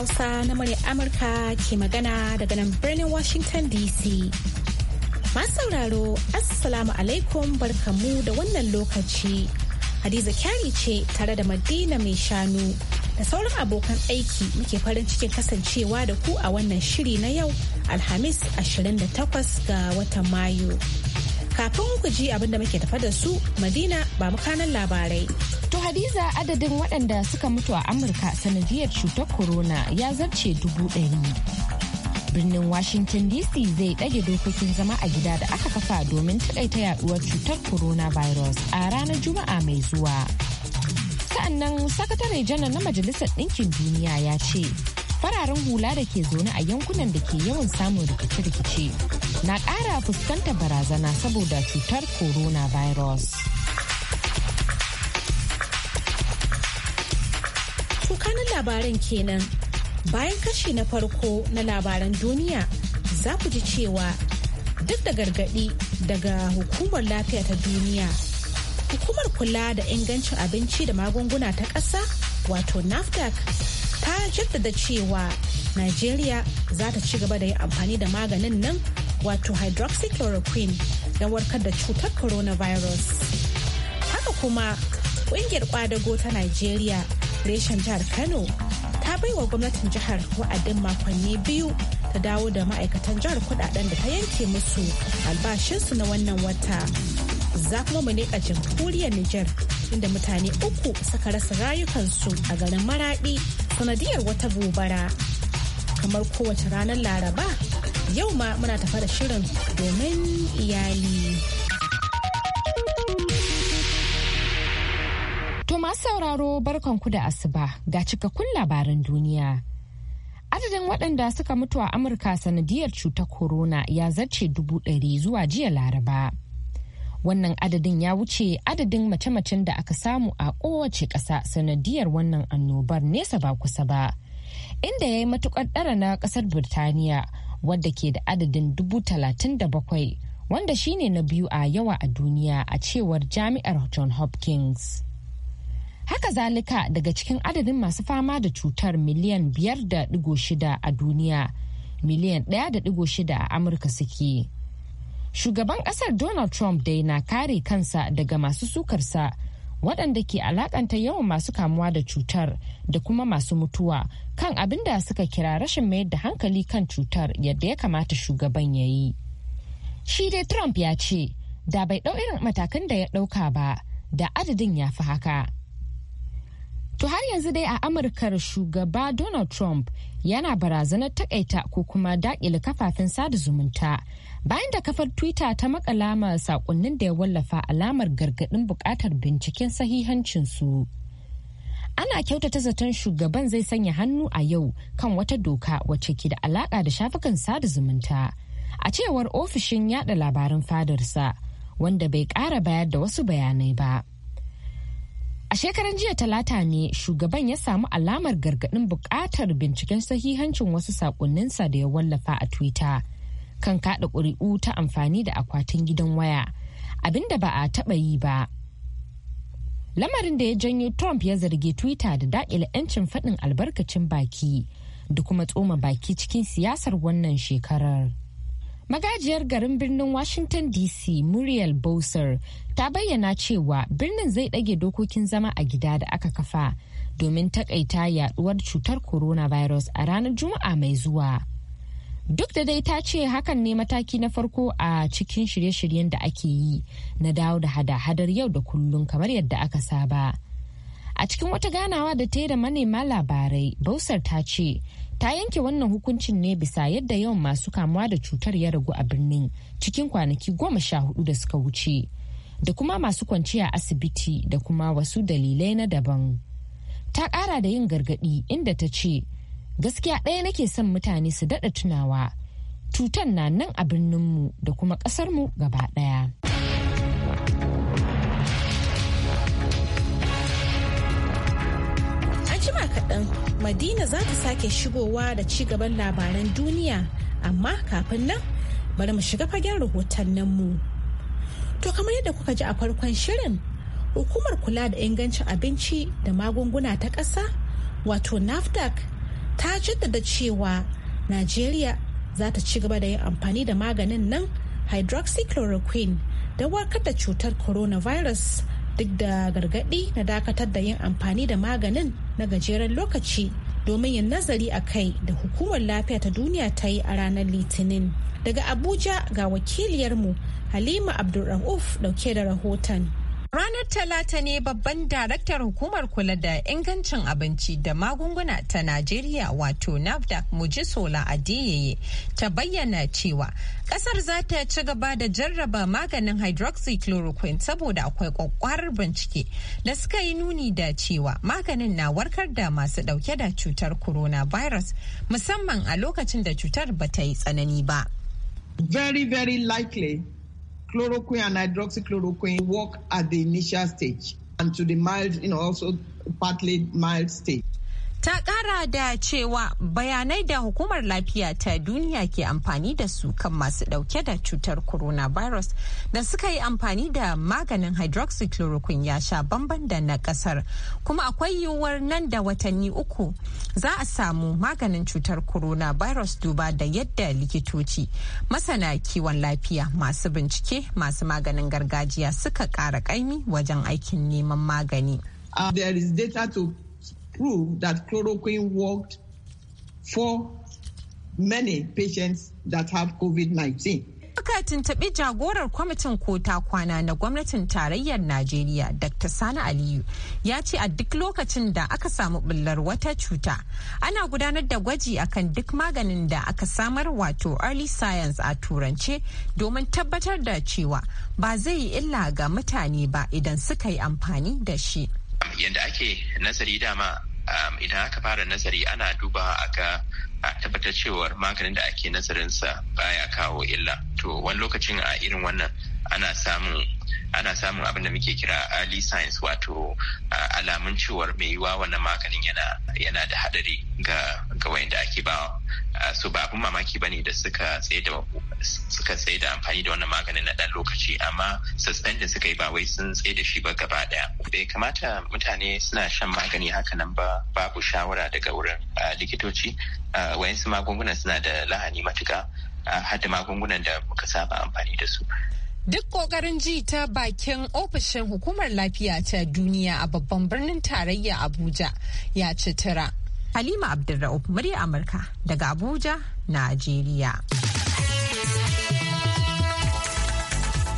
Hausa na murya Amurka ke magana daga nan birnin Washington DC. Masu sauraro, Assalamu alaikum barkamu da wannan lokaci. Hadiza Kyari ce tare da Madina mai shanu da sauran abokan aiki muke farin cikin kasancewa da ku a wannan shiri na yau Alhamis 28 ga watan Mayu. Kafin ku ji abin da muke tafa da su, Madina ba kanan labarai. To Hadiza adadin waɗanda suka mutu a Amurka sanadiyar cutar corona ya zarce dubu ɗari. birnin Washington DC zai ɗage dokokin zama a gida da aka kafa domin taƙaita yaɗuwar cutar Corona Virus a ranar Juma'a mai zuwa. Sa'annan sakatare janar na Majalisar Ɗinkin Duniya ya ce, fararen hula da ke zaune a yankunan da ke yawan samun rikice-rikice na ƙara fuskanta barazana saboda cutar coronavirus. Tukanin labaran kenan bayan kashi na farko na labaran duniya za ku ji cewa duk da gargaɗi daga hukumar lafiya ta duniya hukumar kula da ingancin abinci da magunguna ta ƙasa wato nafdac ta jaddada cewa Najeriya za ta ci gaba da yin amfani da maganin nan wato hydroxychloroquine da warkar da cutar coronavirus. Haka kuma ƙungiyar ƙwadago ta Najeriya reshen jihar Kano ta baiwa gwamnatin jihar wa'adin makonni biyu ta dawo da ma'aikatan jihar kudaden da ta yanke musu albashinsu na wannan wata. Za kuma mu leƙa jamhuriyar Nijar inda mutane uku suka rasa rayukansu a garin Maraɗi sanadiyar wata gobara kamar kowace ranar laraba yau ma muna tafa da shirin domin iyali to masu sauraro barkanku da asuba ga cikakkun labaran duniya adadin waɗanda suka mutu a amurka sanadiyar cutar corona ya zarce dubu ɗari zuwa jiya laraba wannan adadin ya wuce adadin mace-macen da aka samu a kowace ƙasa sanadiyar wannan annobar nesa ba kusa ba inda ya yi matukar ɗara na ƙasar birtaniya wadda ke da adadin dubu talatin da bakwai wanda shine na biyu a yawa a duniya a cewar jami'ar john hopkins haka zalika daga cikin adadin masu fama da cutar miliyan 5.6 a duniya miliyan 1.6 a amurka suke Shugaban ƙasar Donald Trump dai na kare kansa daga masu sukarsa waɗanda ke alakanta yawan masu kamuwa da cutar da kuma masu mutuwa kan abin da suka kira rashin mayar da hankali kan cutar yadda ya kamata shugaban ya yi. Shi dai Trump ya ce, da bai ɗau irin matakan da ya ɗauka ba, da adadin ya fi haka. To har yanzu dai a Amurkar shugaba Donald Trump yana barazanar takaita ko kuma dakile kafafen sada zumunta bayan da kafar twitter ta makala ma sakonnin da ya wallafa alamar gargadin bukatar binciken sahihancin su ana kyautata zaton shugaban zai sanya hannu a yau kan wata doka wacce ke da alaka da shafukan sada zumunta a cewar ofishin yada labaran fadarsa wanda bai kara bayar da wasu bayanai ba. A shekaran jiya talata ne shugaban ya samu alamar gargaɗin buƙatar binciken sahihancin wasu saƙonninsa da ya wallafa a Twitter kan kaɗa ƙuri'u ta amfani da akwatin gidan waya abinda ba a taɓa yi ba. Lamarin da ya janyo Trump ya zargi Twitter da daƙile 'yancin faɗin albarkacin baki da kuma tsoma baki cikin siyasar wannan shekarar. Magajiyar garin birnin Washington DC Muriel Bowser ta bayyana cewa birnin zai ɗage dokokin zama a gida da aka kafa domin takaita yaduwar cutar coronavirus a ranar Juma'a mai zuwa. Duk da dai ta ce hakan ne mataki na farko a cikin shirye-shiryen da ake yi na dawo da hada-hadar yau da kullum kamar yadda aka saba. A cikin wata ganawa da ta yi da manema labarai, Bausar ta ce ta yanke wannan hukuncin ne bisa yadda yawan masu kamuwa da cutar ya ragu a birnin cikin kwanaki goma sha hudu da suka wuce da kuma masu kwanciya asibiti da kuma wasu dalilai na daban ta kara da yin gargadi inda ta ce gaskiya ɗaya nake son mutane su daɗa tunawa cutar na nan a birninmu da kuma ƙasarmu gaba ɗaya. jima kaɗan Madina za ta sake shigowa da ci gaban labaran duniya amma kafin nan bari mu shiga fagen mu To kamar yadda kuka ji a farkon shirin hukumar kula da ingancin abinci da magunguna ta ƙasa wato NAFDAC ta jaddada cewa Najeriya za ta ci gaba da yin amfani da maganin nan hydroxychloroquine don warkar da cutar coronavirus duk da gargaɗi na dakatar da yin amfani da maganin na gajeren lokaci domin yin nazari a kai da hukumar lafiya ta duniya ta yi a ranar litinin daga abuja ga wakiliyarmu halima abdulrahuf dauke da rahoton Ranar Talata ne babban daraktar hukumar kula da ingancin abinci da magunguna ta Najeriya wato NAFDAC a Adeyeye ta bayyana cewa kasar za ta ci gaba da jarraba maganin hydroxychloroquine saboda akwai kwakwarar bincike da suka yi nuni da cewa maganin na warkar da masu dauke da cutar coronavirus musamman a lokacin da cutar ba ta yi tsanani ba. Very, very likely Chloroquine and hydroxychloroquine work at the initial stage and to the mild, you know, also partly mild stage. ta kara da cewa bayanai da hukumar lafiya ta duniya ke amfani da su kan masu dauke da cutar coronavirus da suka yi amfani da maganin hydroxychloroquine ya sha bamban da na kasar kuma akwai yiwuwar nan da watanni uku za a samu maganin cutar coronavirus duba da yadda likitoci masana kiwon lafiya masu bincike masu maganin gargajiya suka kara kaimi wajen aikin neman magani. Uh, there is data to prove that chloroquine worked for many patients that have COVID-19. Aka tuntuɓi jagorar kwamitin kota kwana na gwamnatin tarayyar Najeriya Dr. Sani Aliyu ya ce a duk lokacin da aka samu bullar wata cuta ana gudanar da gwaji akan duk maganin da aka samar wato early science a turance domin tabbatar da cewa ba zai yi illa ga mutane ba idan suka yi amfani da shi. Yanda ake nazari dama idan aka fara nazari ana duba a ga a tabbatar cewar maganin da ake nazarinsa baya kawo illa to wani lokacin a irin wannan ana samun ana samun abin da muke kira early signs wato alamun cewar mai yiwa wannan maganin yana yana da hadari ga ga wayanda ake ba su ba abin mamaki bane da suka tsaye da suka tsaye da amfani da wannan maganin na dan lokaci amma suspend da suka yi ba wai sun tsaye da shi ba gaba daya bai kamata mutane suna shan magani haka nan ba babu shawara daga wurin likitoci wayansu magungunan suna da lahani matuka hadda magungunan da muka saba amfani da su Duk ƙoƙarin ji ta bakin ofishin hukumar lafiya ta duniya a babban birnin tarayya Abuja ya ci tira. Halima Abdulra'uf murya Amurka daga Abuja, Najeriya.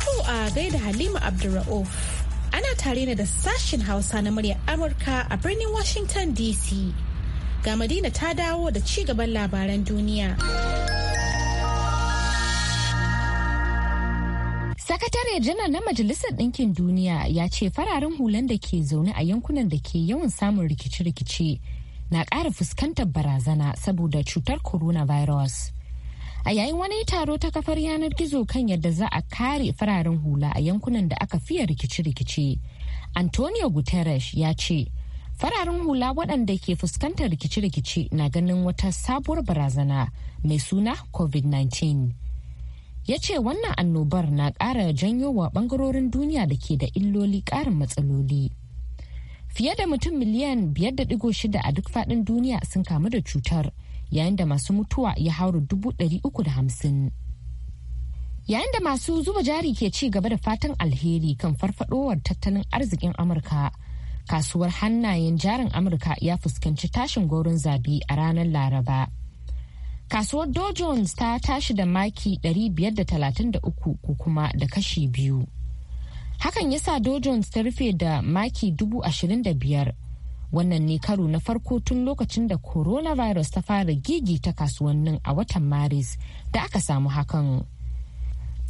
Ko a gaida Halima Abdulra'uf ana tare ne da sashin Hausa na murya Amurka a birnin Washington DC. ga Madina ta dawo da ci gaban labaran duniya. Sakatare janar na Majalisar Ɗinkin Duniya ya ce fararen hulan da ke zaune a yankunan da ke yawan samun rikice-rikice na ƙara fuskantar barazana saboda cutar coronavirus. A yayin wani taro ta kafar yanar gizo kan yadda za a kare fararen hula a yankunan da aka fiye rikice-rikice, Antonio Guterres ya ce, fararen hula waɗanda ke fuskantar rikice-rikice na ganin wata sabuwar barazana mai suna covid-19 ya ce wannan annobar na ƙara janyo wa ɓangarorin duniya da ke da illoli ƙarin matsaloli fiye da mutum miliyan 5.6 a duk faɗin duniya sun kamu da cutar yayin da masu mutuwa ya haura hamsin. yayin da masu zuba jari ke ci gaba da fatan alheri kan farfadowar tattalin arzikin amurka kasuwar hannayen jarin amurka ya fuskanci tashin gorin zabi a ranar laraba kasuwar dow jones ta tashi da maki 533 ko kuma da kashi biyu hakan ya sa dow jones ta rufe da maki 25,000 wannan ne karo na farko tun lokacin da coronavirus ta fara gigi ta kasuwannin a watan maris da aka samu hakan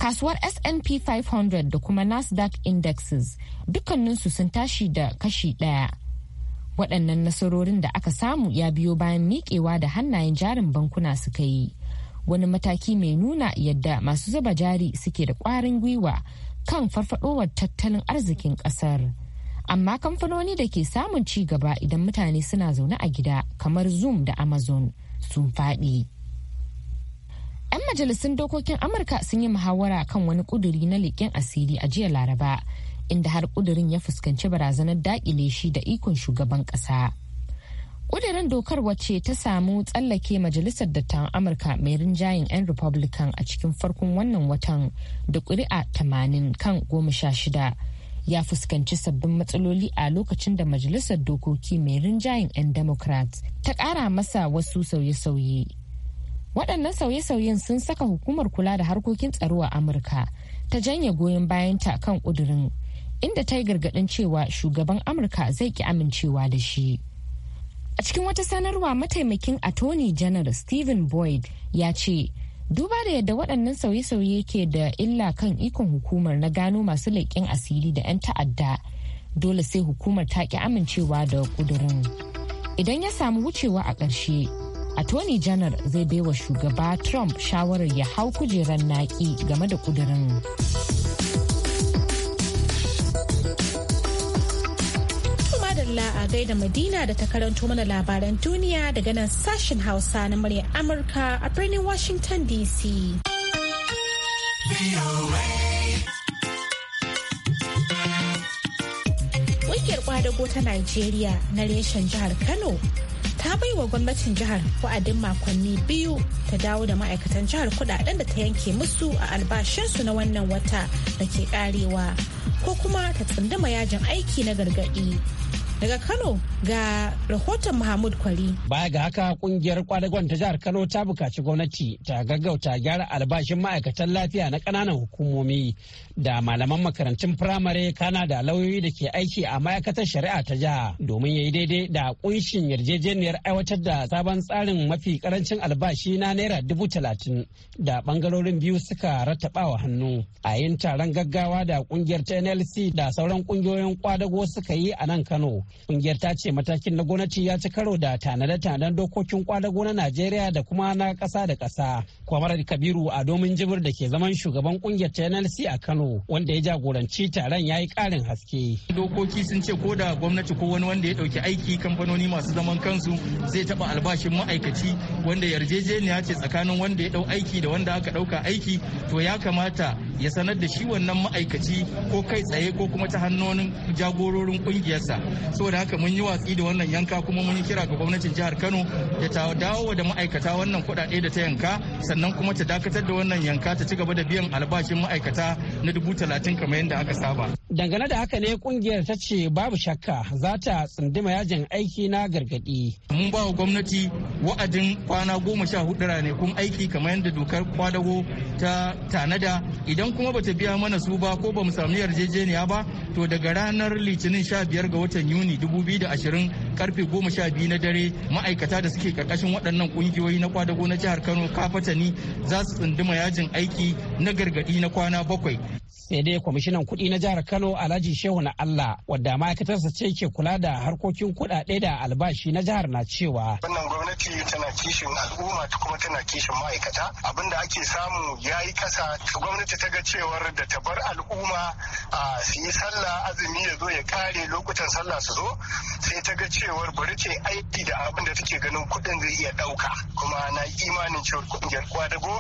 kasuwar S&P 500 da kuma Nasdaq Indexes dukkaninsu sun tashi da kashi ɗaya. Waɗannan nasarorin da aka samu ya biyo bayan miƙewa da hannayen jarin bankuna suka yi. Wani mataki mai nuna yadda masu zuba jari suke da ƙwarin gwiwa kan farfadowar tattalin arzikin ƙasar. Amma kamfanoni da ke samun ci gaba idan mutane suna zaune a gida kamar Zoom da Amazon sun faɗi. 'Yan majalisun dokokin Amurka sun yi muhawara kan wani kuduri na leƙen asiri a jiya Laraba, inda har kudurin ya fuskanci barazanar daƙile shi da ikon shugaban ƙasa. Kudurin dokar wacce ta samu tsallake Majalisar Dattawan Amurka mai rinjayen 'yan Republican a cikin farkon wannan watan da ƙuri'a 80 kan 16, ya fuskanci sabbin matsaloli a lokacin da majalisar dokoki mai rinjayen 'yan Democrats ta kara masa wasu sauye-sauye waɗannan sauye-sauyen sun saka hukumar kula da harkokin tsaro a amurka ta janye goyon bayanta kan ƙudurin inda ta yi gargaɗin cewa shugaban amurka zai ki amincewa da shi a cikin wata sanarwa mataimakin attorney general stephen boyd ya ce duba da yadda waɗannan sauye-sauye ke da illa kan ikon hukumar na gano masu leƙen asiri da 'yan ta'adda dole sai hukumar ta ki amincewa da ƙudurin idan ya samu wucewa a ƙarshe attorney general zai baiwa shugaba trump shawarar ya hau kujerar naki game da kudirin a gaida madina da ta karanto mana labaran duniya daga nan sashen hausa na murya amurka a birnin washington dc ƙungiyar kwadago ta najeriya na reshen jihar kano ta bai wa gwamnatin jihar wa'adin makonni biyu ta dawo da ma'aikatan jihar kudaden da ta yanke musu a albashinsu na wannan wata da ke karewa ko kuma ta tsunduma yajin aiki na gargaɗi Daga Kano ga rahoton Mahmud Kwari. Baya ga haka kungiyar kwadagon ta jihar Kano ta bukaci gwamnati ta gaggauta gyara albashin ma'aikatan lafiya na ƙananan hukumomi da malaman makarantun firamare kana da lauyoyi da ke aiki a ma'aikatar shari'a ta jiha domin ya yi daidai da kunshin yarjejeniyar aiwatar da sabon tsarin mafi karancin albashi na naira dubu talatin da bangarorin biyu suka rattabawa hannu a yin taron gaggawa da kungiyar ta nlc da sauran kungiyoyin kwadago suka yi a nan kano kungiyar ta ce matakin na gwamnati ya ci karo da tanade-tanaden dokokin kwadago na Najeriya da kuma na kasa da kasa Kwamarar Kabiru a domin jibir da ke zaman shugaban kungiyar ta NLC a Kano wanda ya jagoranci taron ya yi karin haske. Dokoki sun ce ko da gwamnati ko wani wanda ya dauki aiki kamfanoni masu zaman kansu zai taba albashin ma'aikaci wanda yarjejeniya ce tsakanin wanda ya dau aiki da wanda aka dauka aiki to ya kamata ya sanar da shi wannan ma'aikaci ko kai tsaye ko kuma ta hannun jagororin ƙungiyarsa. saboda haka mun yi watsi da wannan yanka kuma mun yi kira ga gwamnatin jihar kano da ta dawo da ma'aikata wannan kuɗaɗe da ta yanka sannan kuma ta dakatar da wannan yanka ta ci gaba da biyan albashin ma'aikata na dubu talatin kamar yadda aka saba. dangane da haka ne kungiyar ta ce babu shakka za ta tsunduma yajin aiki na gargaɗi. mun ba wa gwamnati wa'adin kwana goma sha hudu ranakun aiki kamar yadda dokar kwadago ta tanada idan kuma bata biya mana su ba ko ba mu samu yarjejeniya ba to daga ranar litinin sha biyar ga watan yuni yuni 2020 karfe 12 na dare ma'aikata da suke karkashin waɗannan ƙungiyoyi na kwadago na jihar Kano kafatani za su tsunduma yajin aiki na gargaɗi na kwana bakwai sai dai kwamishinan kuɗi na jihar kano alhaji shehu na allah wadda ma'aikatarsa ce ke kula da harkokin kuɗaɗe da albashi na jihar na cewa wannan gwamnati tana kishin al'umma ta kuma tana kishin ma'aikata abin da ake samu ya yi ƙasa gwamnati ta ga cewar da ta bar al'umma su yi sallah azumi ya zo ya kare lokutan sallah su zo sai ta ga cewar bari ce aiki da abin da take ganin kuɗin zai iya ɗauka kuma na imanin cewar ƙungiyar kwadago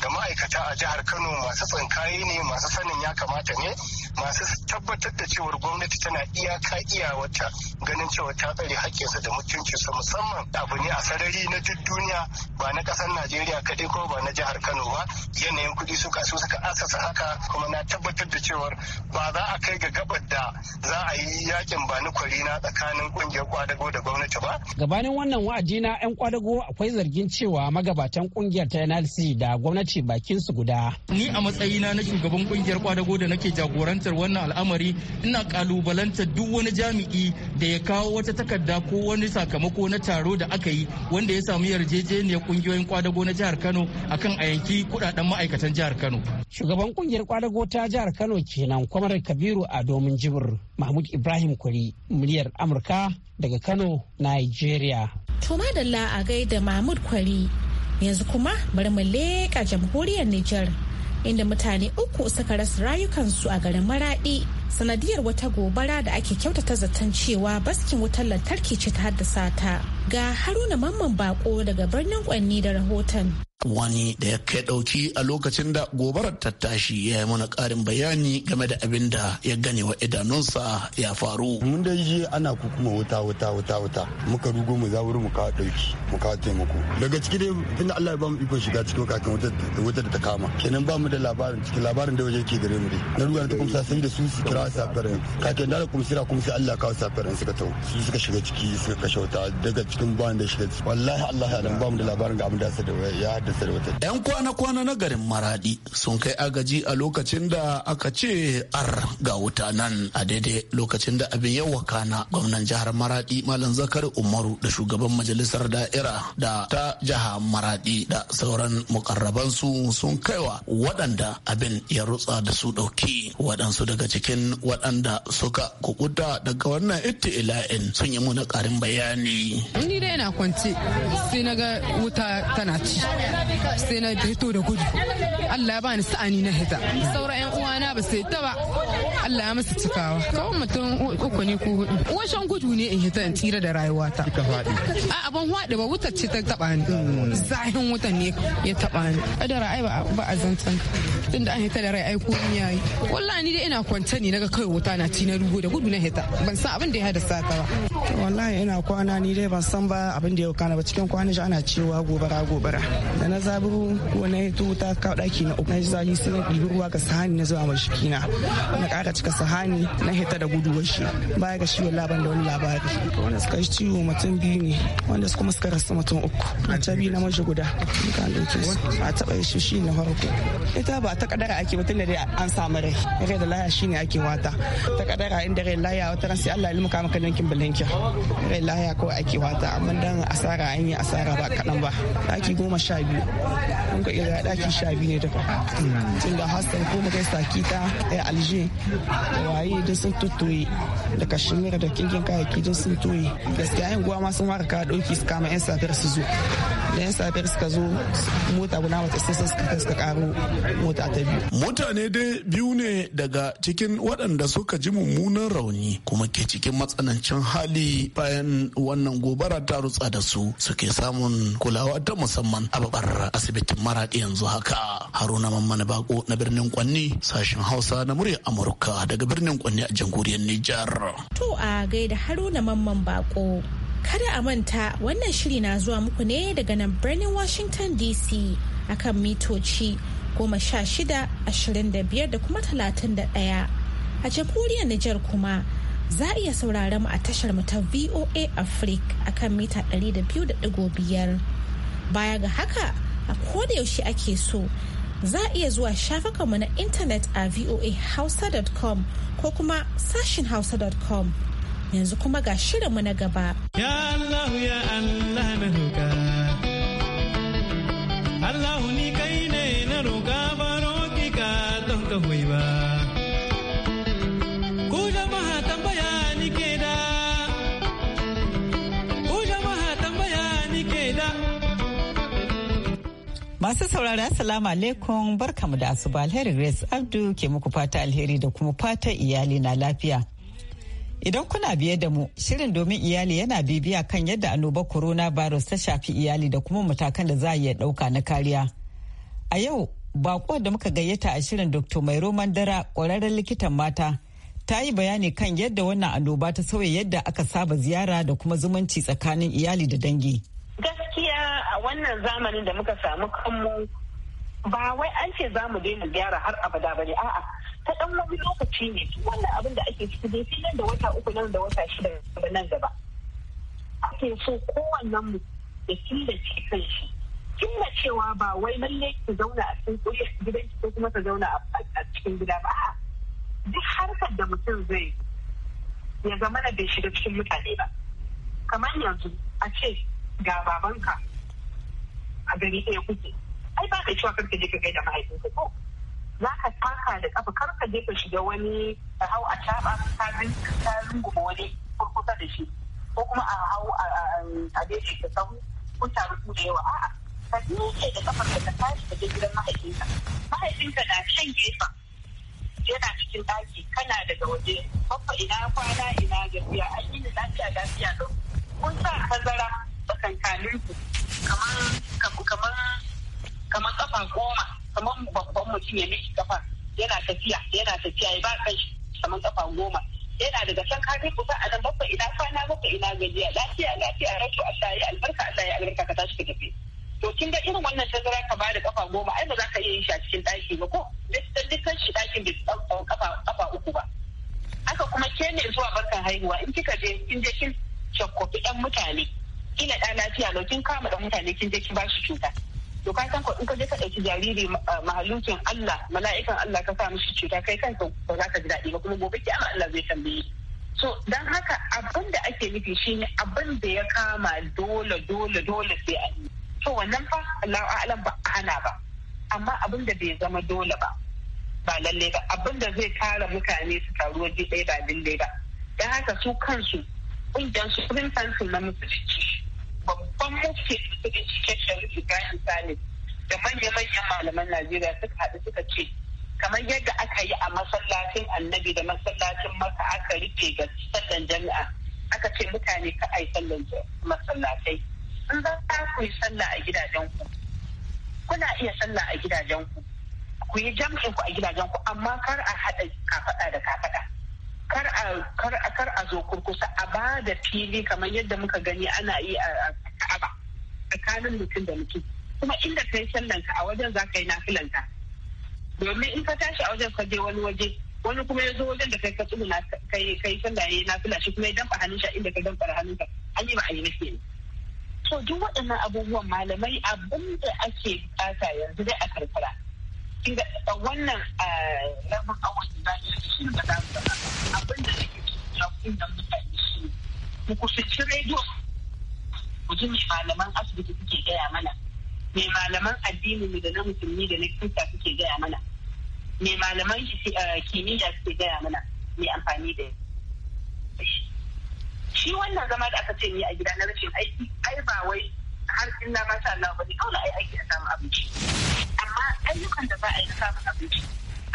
da ma'aikata a jihar kano masu tsinkaye ne masu sanin ya kamata ne masu tabbatar da cewar gwamnati tana iyaka wata ganin cewa ta tsare haƙƙinsa da mutuncinsa musamman abu ne a sarari na duk duniya ba na ƙasar najeriya kaɗai ko ba na jihar kano ba yanayin kuɗi suka so suka asasa haka kuma na tabbatar da cewar ba za a kai ga gabar da za a yi yakin ba ni kwari na tsakanin ƙungiyar kwadago da gwamnati ba. gabanin wannan wa'adi na 'yan kwadago akwai zargin cewa magabatan ƙungiyar ta nlc da gwamnati bakin su guda. ni a matsayina na shugaban ƙungiyar kwadago kwadago da nake jagorantar wannan al'amari ina kalubalantar duk wani jami'i da ya kawo wata takarda ko wani sakamako na taro da aka yi wanda ya samu yarjejeniyar kungiyoyin kwadago na jihar Kano akan a yanki kudaden ma'aikatan jihar Kano. Shugaban kungiyar kwadago ta jihar Kano kenan kwamar Kabiru a domin jibir Mahmud Ibrahim Kuri miliyar Amurka daga Kano, Nigeria. To madalla a gaida Mahmud Kwari yanzu kuma bari mu leƙa jamhuriyar Nijar. inda mutane uku suka rasa rayukansu a garin maradi sanadiyar wata gobara da ake kyautata zaton cewa baskin wutar lantarki ce ta haddasa ta ga haruna mamman bako daga birnin kwanni da rahoton wani da ya kai dauki a lokacin da gobarar ta tashi ya yi mana karin bayani game da abin da ya gane wa idanunsa ya faru mun da yi ana kuma wuta wuta wuta wuta muka rugo mu zawuri mu kawo dauki mu kawo taimako daga ciki dai tunda Allah ya ba mu iko shiga cikin kakin wutar da ta kama kenan ba mu da labarin cikin labarin da waje ke gare mu dai na ruwa ta kuma sai da su su kira safarin kakin dala kuma sira kuma sai Allah kawo safarin suka tau su suka shiga ciki suka kashe wata daga cikin bayan da shiga wallahi Allah ya ba mu da labarin ga abin da ya haddasa da wata yan kwana kwana na garin maradi sun kai agaji a lokacin da aka ce ar ga wuta nan a daidai lokacin da abin yawa kana gwamnan jihar maradi malam zakari umaru da shugaban majalisar da'ira da ta jiha maradi da sauran mukarraban su sun kaiwa waɗanda abin ya rutsa da su ɗauki waɗansu daga cikin waɗanda suka kukuta daga wannan ila'in sun yi muna ƙarin bayani. Ni dai na kwance sai na ga wuta tana ci sai na hito da gudu. Allah ba ni sa'ani na hita. Sauran 'yan uwana ba sai ta ba. Allah ya masa cikawa. Kawai mutum uku ne ko hudu. Washen gudu ne in hita in tsira da rayuwata. A abin haɗe ba wutar ce ta taɓa ni. Zahin wutan ne ya taɓa ni. da, ai ba a zancen da an hita da rai aiko ni yayi wallahi ni dai ina kwanta ne naga kai wuta na ci na rugo da gudu na hita ban san abin da ya haddasa ta ba wallahi ina kwana ni dai ban san ba abin da ya kana ba cikin kwana ana cewa gobara gobara da na zaburu ko na hito wuta ka daki na uku na ji zali sai na ɗibi ruwa ga sahani na zuwa mashi kina na ƙara cika sahani na hita da gudu shi baya ga shi wallahi ban da wani labari wanda suka yi ciwo mutum biyu ne wanda kuma suka rasa mutum uku a tabi na mashi guda a taba shi shi na farko ita ba ta ta kadara ake mutum da an samu rai rai da laya shine ake wata ta kadara inda rai laya wata ran sai Allah ya limka maka dankin bilinkin rai laya ko ake wata amma dan asara an yi asara ba kadan ba daki goma sha biyu kun ka ira daki sha biyu ne daga tun da hostel ko mu kai sakita eh, da alje waye duk sun tuttuye da kashimira da kinkin kayayyaki duk sun tuyi gaskiya yan guwa ma sun waka ka dauki su kama yan safiyar su zo da suka zo mota guda wata sai suka suka karo mota ta biyu mutane dai biyu ne daga cikin waɗanda suka ji mummunan rauni kuma ke cikin matsanancin hali bayan wannan gobara ta rutsa da su suke samun kulawa ta musamman a babar asibitin maraɗi yanzu haka haruna mamman bako na birnin kwanni sashen hausa na muryar amurka daga birnin kwanni a jamhuriyar nijar to a gaida haruna mamman bako Kada a manta wannan shiri na zuwa muku ne daga nan birnin Washington DC akan mitoci goma sha shida ashirin da biyar da kuma talatin da ɗaya. A jamhuriyar Nijar kuma za a iya saurara mu a tashar mu ta VOA Africa akan mita ɗari da biyu da ɗigo biyar. Baya ga haka a koda yaushe ake so za a iya zuwa shafukanmu na intanet a voahausa.com ko kuma sashin hausa.com yanzu kuma ga shirinmu na gaba. Ya Allah ya Allah na roƙa. Allah ni kai ne na roƙa ba roƙi ka don ka hoyi ba. Ku jama'a tambaya ni ke da. Ku jama'a tambaya ni ke da. Masu saurara Assalamu alaikum barkamu da asuba alheri Grace Abdu ke muku fata alheri da kuma fata iyali na lafiya. Idan kuna biye da mu, shirin domin iyali yana bibiya kan yadda annobar coronavirus ta shafi iyali da kuma matakan da za a iya ɗauka na kariya. A yau, bako da muka gayyata a shirin Dr. Mairo Mandara, ƙwararren likitan mata, ta yi bayani kan yadda wannan annoba ta sauya yadda aka saba ziyara da kuma zumunci tsakanin iyali da dangi. Gaskiya a wannan zamanin da muka samu kanmu ba wai an ce za mu daina ziyara har abada ba ne a'a ta ɗan wani lokaci ne wannan abin da ake ciki bai fi nan da wata uku nan da wata shida gaba nan gaba ake so kowannen mu ya killace kanshi cewa ba wai lalle ki zauna a cikin kuriyar gidan ko kuma ta zauna a cikin gida ba a duk harkar da mutum zai ya zama na bai shiga cikin mutane ba kamar yanzu a ce ga babanka a gari ɗaya kuke ai ba ka cewa kanka je ka gaida mahaifinka ko za ka taka da kafa kar ka je ka shiga wani a hau a caba ka ka rungume wani kurkusa da shi ko kuma a hau a shi ka sahu ko taru ku da yawa a'a ka duke da kafa ka tashi ka je gidan mahaifinka mahaifinka na can gefa yana cikin ɗaki kana daga waje kafa ina kwana ina gafiya an yi lafiya lafiya don kun sa tazara tsakankanin ku kamar kamar kamar kafa goma kamar babban mutum ya miki kafa yana tafiya yana tafiya ya ba kai kamar kafa goma yana daga can ka kai kusa a nan bakwai ina kwana bakwai ina gajiya lafiya lafiya rato a shayi albarka a shayi albarka ka tashi ka tafi to kin ga irin wannan tazara ka ba da kafa goma ai ba za ka iya yin shi a cikin ɗaki ba ko dukkan dukkan shi ɗakin bai kafa kafa uku ba haka kuma ke ne zuwa barkan haihuwa in kika je kin je kin shakkofi ɗan mutane kina ɗan lafiya lau kin kama ɗan mutane kin je kin ba shi cuta to ka san in ka je ka ɗauki jariri ah, mahalukin Allah mala'ikan Allah ka sa mishi cuta kai kanka ba za ka ji daɗi ba kuma gobe kiyama Allah zai tambaye so dan haka abin da ake nufi shine abin da ya kama dole dole dole sai a yi to wannan fa Allahu a'lam ba hana ba amma abin da bai zama dole ba ba lalle ba abin da zai kare mutane su taru waje ɗaya ba dindai ba dan haka su kansu ƙungiyar su sun san su na musu ciki babban mufti musulunci ke shari'a ibrahim salim da manya-manyan malaman najeriya suka haɗu suka ce kamar yadda aka yi a masallacin annabi da masallacin maka aka rike ga sallan jami'a aka ce mutane ka a yi sallan masallatai in za ku yi sallah a gidajen ku kuna iya sallah a gidajen ku ku yi jam'in ku a gidajen ku amma kar a haɗa kafaɗa da kafaɗa kar a zo kurkusa a ba da fili kamar yadda muka gani ana yi a ka'aba tsakanin mutum da mutum kuma inda ka yi sallanka a wajen za ka yi nafilanka domin in ka tashi a wajen ka je wani waje wani kuma ya zo wajen da kai ka tsumi na kai kai sallah yayi nafila shi kuma ya damfa hannun shi inda ka damfa hannun ka an yi ba a yi nake so duk waɗannan abubuwan malamai abin da ake bukata yanzu dai a karkara kin ga wannan rabin eh, awon da ya shi da za mu abin da nake cikin kunnan mutane shi Ku kusanci rediyo Ku ji mai malaman asibiti suke gaya mana Mai malaman addini da na musulmi da na kirista suke gaya mana Mai malaman eh, kimiyya suke gaya mana mai amfani da shi wannan zama da aka ce ni a gida na rashin aiki ai ba wai har illa masha Allah ba ne dole ai aiki a samu abinci amma ayyukan da ba a yi na samun abinci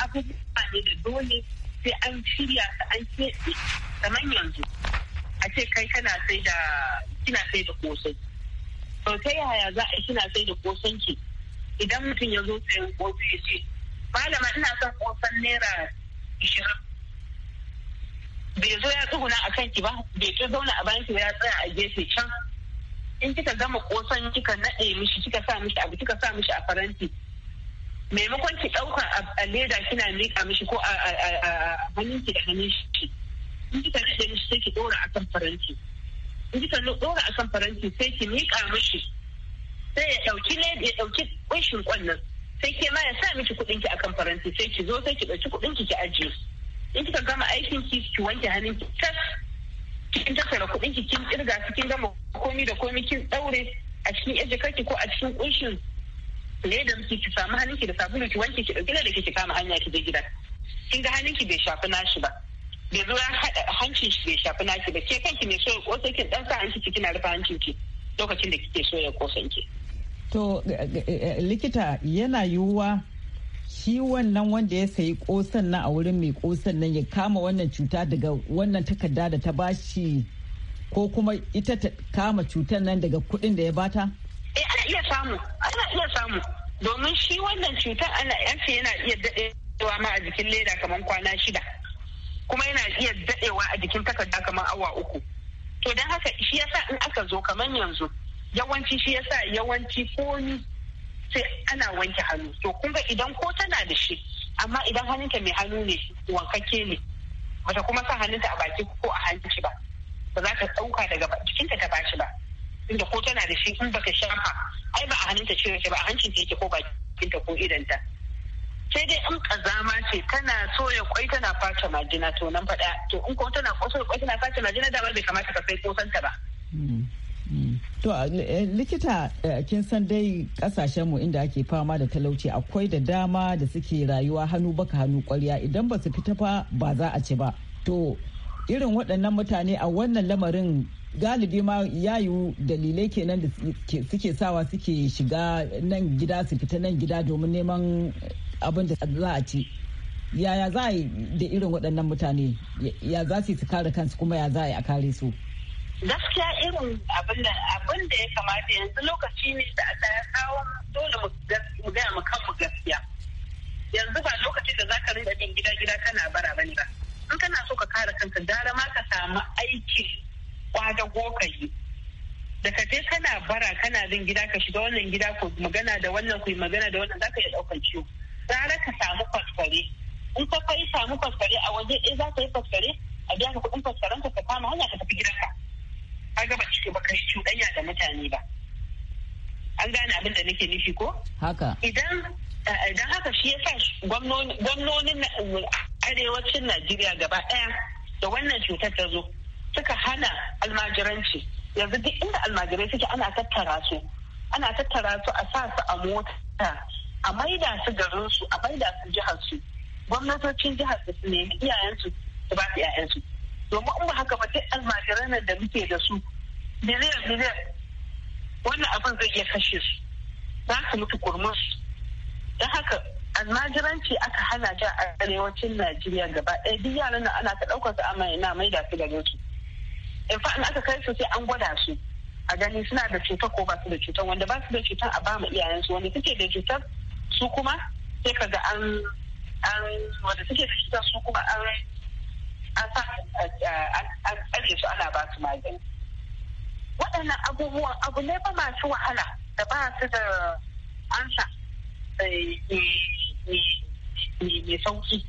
abubuwa ne da dole sai an shirya su an keɓe kamar yanzu a ce kai kana sai da kina sai da kosai to ta yaya za a yi kina sai da kosan ki idan mutum ya zo sayan kofi ya ce malama ina son kosan naira ishirin bai zo ya tsuguna a kanki ba bai ta zauna a bayan ya tsaya a gefe can in kika gama kosan kika naɗe mishi kika sa mishi abu kika sa mishi a faranti maimakon ki ɗauka a leda kina miƙa mishi ko a hannun ki da hannun shi in kika naɗe mishi sai ki ɗora akan faranti in kika ɗora akan faranti sai ki miƙa mishi sai ya ɗauki ya ɗauki ƙunshin ƙwannan sai ke ma ya sa miki kuɗin ki akan faranti sai ki zo sai ki ɗauki kuɗin ki ki ajiye in kika gama aikin ki ki wanke hannun ki tas kin tattara kuɗin ki kin kirga su kin gama komi da komi kin ɗaure a cikin yar ko a cikin kunshin ledan ki ki samu hannunki da sabulu ki wanke ki ɗauki da ki kama hanya ki je gida kin ga hannunki bai shafi nashi ba bai zo haɗa hancin shi bai shafi nashi ba ke kanki mai soya kosai kin ɗan sa hanci ki kina rufe hancin ki lokacin da kike soya kosan ki to eh, eh, eh, likita yana yiwuwa shi wannan wanda ya sayi kosan nan a wurin mai kosan nan ya kama wannan cuta daga wannan takarda da ta bashi ko kuma ita ta kama cutar nan daga kuɗin da ya bata? Eh ana iya samu, ana iya samu. Domin shi wannan cutar ana yanci yana iya daɗewa ma a jikin leda kamar kwana shida. Kuma yana iya daɗewa a jikin takarda kamar awa uku. To don haka shi yasa in aka zo kamar yanzu yawanci shi yasa yawanci komi sai ana wanke hannu to kun ga idan ko tana da shi amma idan hannunta mai hannu ne wankakke ne bata kuma sa hannunta a baki ko a hanci ba ba za ta ɗauka daga jikinta ta bashi ba inda ko tana da shi in baka shafa ai ba a hannunta ce ba a hancin ta yake ko bakinta ko idanta sai dai in kazama ce tana soya kwai tana fata majina to nan faɗa to in ko tana soya kwai tana fata majina da bai kamata ka sai kosanta ba mm, mm. To eh, likita eh, kin san dai kasashenmu inda ake fama da talauci akwai da dama da suke rayuwa hannu baka hannu kwarya idan ba su fita fa ba za a ci ba. To irin waɗannan mutane a wannan lamarin galibi ma yayu dalilai kenan da suke sawa suke shiga nan gida su fita nan gida domin neman abin da za a ci. Yaya za a yi da irin waɗannan mutane ya za su kare kansu kuma ya za a yi a kare su. gaskiya irin abin da ya kamata yanzu lokaci ne da a ya kawo dole mu gaya mu kanmu gaskiya yanzu ba lokacin da zaka rinka bin gida gida kana bara bane ba in kana so ka kare kanka gara ma ka samu aiki kwada gokayi da ka je kana bara kana bin gida ka shiga wannan gida ko magana da wannan ku magana da wannan zaka iya daukan ciwo gara ka samu kwaskwari in ka kai samu kwaskwari a waje eh za ka yi kwaskwari a biya ka kuɗin kwaskwaren ka ka kama hanya ka tafi gidanka ka gaba ciki ba cuɗanya da mutane ba an gane abin da nake nufi ko haka idan haka shi ya sa gwamnonin arewacin najeriya gaba ɗaya da wannan cutar ta zo suka hana almajiranci yanzu duk inda almajirai suke ana tattara su ana tattara su a sa su a mota a maida su garin su a maida su jihar su gwamnatocin jihar su ne iyayensu su ba su domin in ba haka ba duk almajiran da muke da su miliyan miliyan wannan abin zai iya kashe su za su mutu kurmin su don haka almajiranci aka hana ta a arewacin najeriya gaba ɗaya duk yaran nan ana ka ɗaukar su amma na mai da su da su in fa aka kai su sai an gwada su a gani suna da cutar ko ba su da cutar wanda ba su da cutar a ba mu iyayensu wanda suke da cutar su kuma sai ka ga an an wanda suke da cutar su kuma an an tsare su ana ba su magani waɗannan abubuwan abu ne ba masu wahala da ba su da ansa eh, mai sauki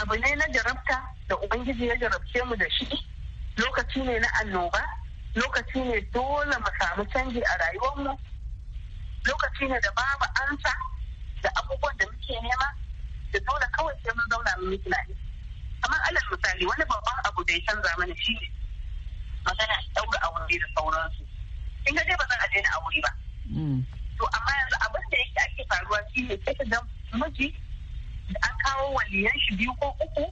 abu ne na jarabta da ubangiji ya jarabce mu da shi lokaci ne na annoba lokaci ne dole mu samu canji a rayuwarmu lokaci ne da babu ansa da abubuwan da muke nema da dole kawai sai mun zauna mu yi tunani kamar alal misali wani babban abu da ya canza mana shi ne magana a aure da sauransu in ga dai ba zan a daina aure ba mm. to amma yanzu abin da yake ake faruwa shi ne sai ka ga miji an kawo waliyan shi biyu ko uku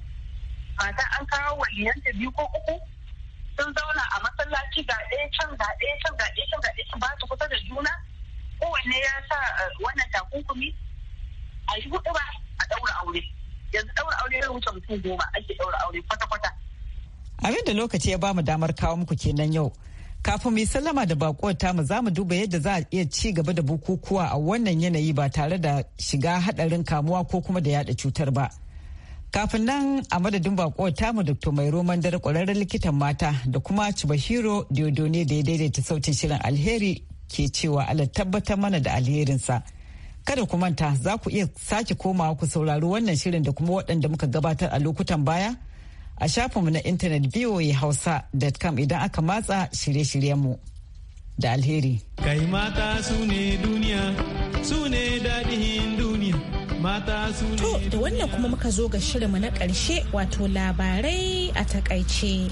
mata an kawo waliyan ta biyu ko uku sun zauna a masallaci ga ɗaya can ga ɗaya can ga ɗaya can ga ɗaya can ba su kusa da juna kowanne ya sa eh, wannan takunkumi a yi hudu ba yanzu Abin da lokaci ya bamu damar kawo muku kenan yau. Kafin mu sallama da bakuwar tamu za mu duba yadda za a iya ci gaba da bukukuwa a wannan yanayi ba tare da shiga hadarin kamuwa ko kuma da yada cutar ba. Kafin nan a madadin bakuwar tamu Dr. Mai Roman dare kwararren likitan mata da kuma Chibahiro Diodone da ya daidaita sautin shirin alheri ke cewa ala tabbatar mana da alherinsa. Kada ku manta za ku iya sake komawa ku sauraro wannan shirin da kuma waɗanda muka gabatar a lokutan baya a shafinmu na intanet voahausa.com idan aka matsa shirye-shiryenmu da alheri. Kai mata su ne duniya, su ne daɗin duniya. Mata su ne To, da wannan kuma muka zo ga shirinmu na ƙarshe wato labarai a taƙaice.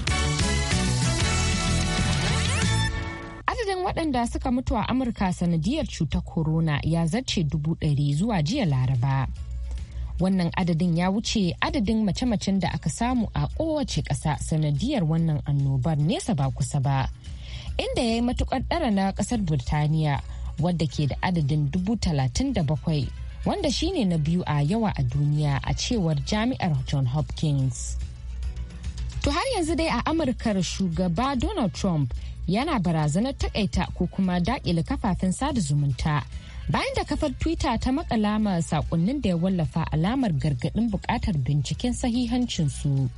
waɗanda suka mutu a Amurka sanadiyar cutar corona ya zarce dubu ɗari zuwa jiya Laraba. Wannan adadin ya wuce adadin mace-macen da aka samu a kowace ƙasa sanadiyar wannan annobar nesa ba kusa ba. Inda ya yi matuƙar ɗara na ƙasar Burtaniya wadda ke da adadin dubu talatin da bakwai wanda shine na biyu a yawa a duniya a cewar jami'ar John Hopkins. To har yanzu dai a Amurkar shugaba Donald Trump yana barazanar takaita ko kuma dakile kafafen sada zumunta. Bayan da kafar Twitter ta makalama ma sakonnin da ya wallafa alamar gargadin bukatar binciken sahihancinsu.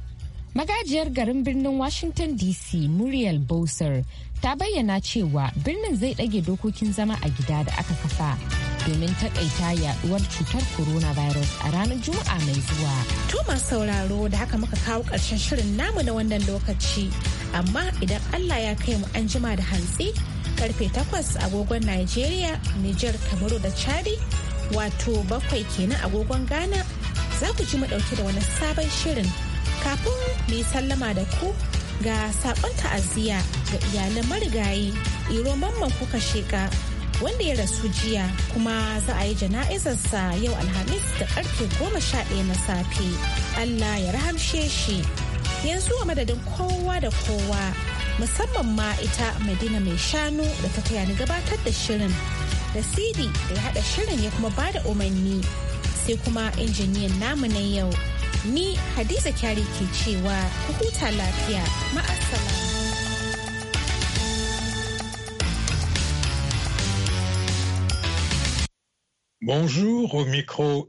Magajiyar garin birnin Washington DC Muriel Bowser ta bayyana cewa birnin zai ɗage dokokin zama a gida da aka kafa domin takaita yaduwar cutar coronavirus a ranar Juma'a mai zuwa. Tuma sauraro da haka muka kawo ƙarshen shirin namu na wannan lokaci, amma idan Allah ya kai mu an jima da hantsi karfe 8 agogon Nigeria, Niger, Kamaru da Chadi, wato bakwai kenan agogon Ghana, za ku ji mu ɗauke da wani sabon shirin. Kafin mai sallama da ku ga sakon ta'aziyya ga iyalan marigayi Iro Mamman kuka sheka wanda ya rasu jiya kuma za a yi jana'izarsa yau alhamis da karfe goma sha ɗaya na safe allah ya rahamshe shi yanzu a madadin kowa da kowa musamman ma ita madina mai shanu da ta taya ni gabatar da shirin da sidi da ya haɗa shirin ya kuma bada umarni sai kuma injiniyan namu na yau Ni Hadiza Kyari ke cewa ku huta lafiya ma'asala. Bonjour, au micro